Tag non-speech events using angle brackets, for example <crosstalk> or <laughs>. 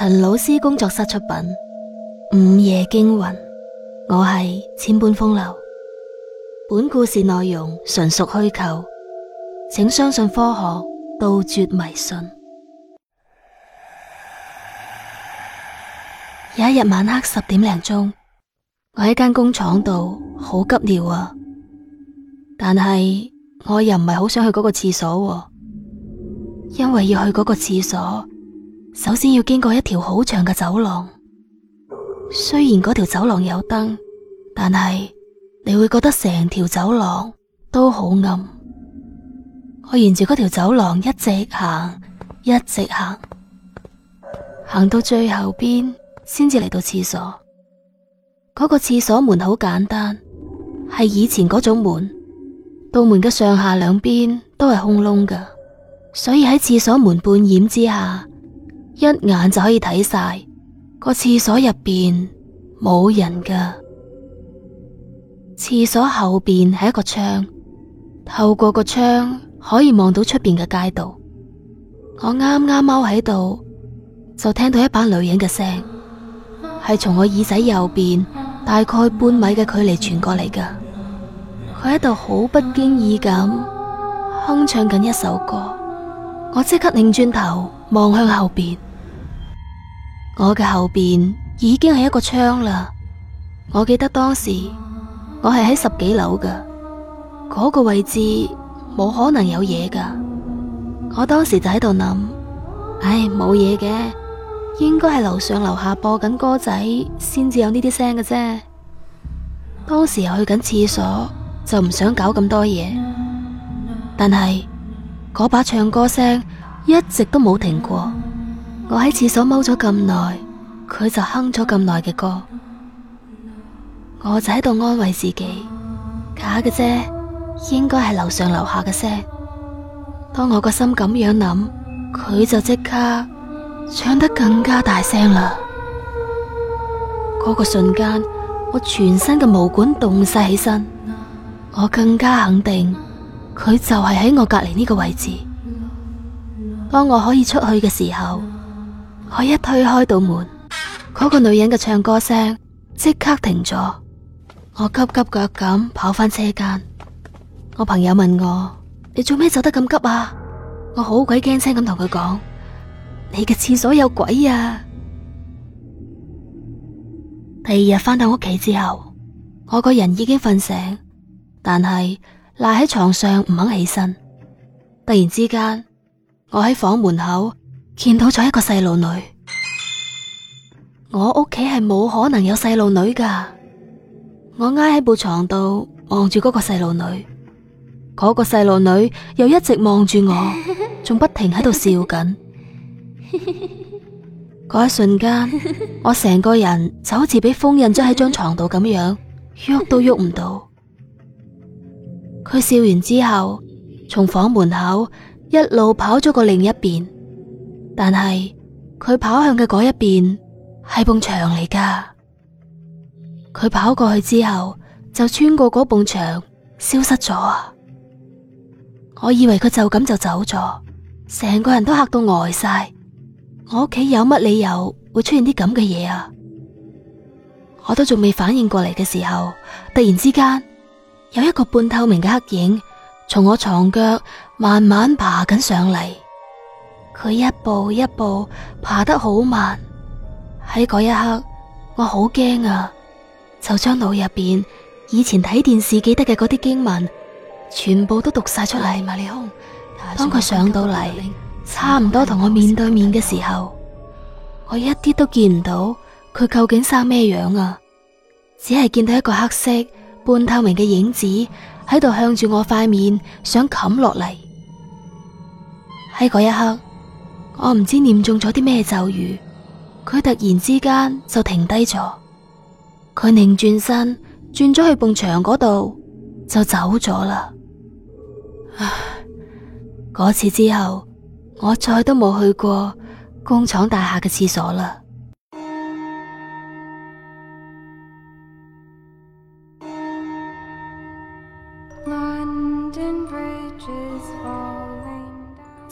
陳老師工作室出品《午夜驚魂》，我係千般風流。本故事內容純屬虛構，請相信科學，杜絕迷信。 <noise> 有一日晚黑十點零鐘，我喺間工廠度好急尿啊！但係我又唔係好想去嗰個廁所喎，因為要去嗰個廁所。首先要經過一條好長嘅走廊，雖然嗰條走廊有燈，但係你會覺得成條走廊都好暗。我沿住嗰條走廊一直行，一直行，行到最後邊先至嚟到廁所。嗰個廁所門好簡單，係以前嗰種門，度門嘅上下兩邊都係空窿噶，所以喺廁所門半掩之下。一眼就可以睇晒個廁所入邊冇人噶。廁所後邊係一個窗，透過個窗可以望到出邊嘅街道。我啱啱踎喺度，就聽到一班女人嘅聲，係從我耳仔右邊大概半米嘅距離傳過嚟噶。佢喺度好不經意咁哼唱緊一首歌。我即刻擰轉頭望向後邊。我嘅後邊已經係一個窗啦，我記得當時我係喺十幾樓噶，嗰、那個位置冇可能有嘢噶。我當時就喺度諗，唉，冇嘢嘅，應該係樓上樓下播緊歌仔先至有呢啲聲嘅啫。當時又去緊廁所，就唔想搞咁多嘢，但係嗰把唱歌聲一直都冇停過。我喺廁所踎咗咁耐，佢就哼咗咁耐嘅歌，我就喺度安慰自己，假嘅啫，應該係樓上樓下嘅聲。當我個心咁樣諗，佢就即刻唱得更加大聲啦。嗰個瞬間，我全身嘅毛管凍晒起身，我更加肯定佢就係喺我隔籬呢個位置。當我可以出去嘅時候。我一推開道門，嗰個女人嘅唱歌聲即刻停咗。我急急腳咁跑翻車間。我朋友問我：你做咩走得咁急啊？我好鬼驚青咁同佢講：你嘅廁所有鬼啊！第二日翻到屋企之後，我個人已經瞓醒，但係賴喺床上唔肯起身。突然之間，我喺房門口，見到咗一個細路女，我屋企係冇可能有細路女噶。我挨喺部床度望住嗰個細路女，嗰、嗰個細路女又一直望住我，仲不停喺度笑緊。嗰 <laughs> 一瞬間，我成個人就好似被封印咗喺張床度咁樣，喐都喐唔到。佢笑完之後，從房門口一路跑咗過另一邊。但係佢跑向嘅嗰一邊係埲牆嚟㗎，佢跑過去之後就穿過嗰埲牆消失咗啊！我以為佢就咁就走咗，成個人都嚇到呆晒。我屋企有乜理由會出現啲咁嘅嘢啊？我都仲未反應過嚟嘅時候，突然之間有一個半透明嘅黑影從我床腳慢慢爬緊上嚟。佢一步一步爬得好慢，喺嗰一刻我好驚啊，就將腦入邊以前睇電視記得嘅嗰啲經文全部都讀晒出嚟。啊、當佢上到嚟，差唔多同我面對面嘅時候，我一啲都見唔到佢究竟生咩樣啊，只係見到一個黑色半透明嘅影子喺度向住我塊面想冚落嚟。喺嗰一刻。我唔知念中咗啲咩咒語，佢突然之間就停低咗，佢擰轉身，轉咗去埲牆嗰度就走咗啦。嗰次之後，我再都冇去過工廠大廈嘅廁所啦。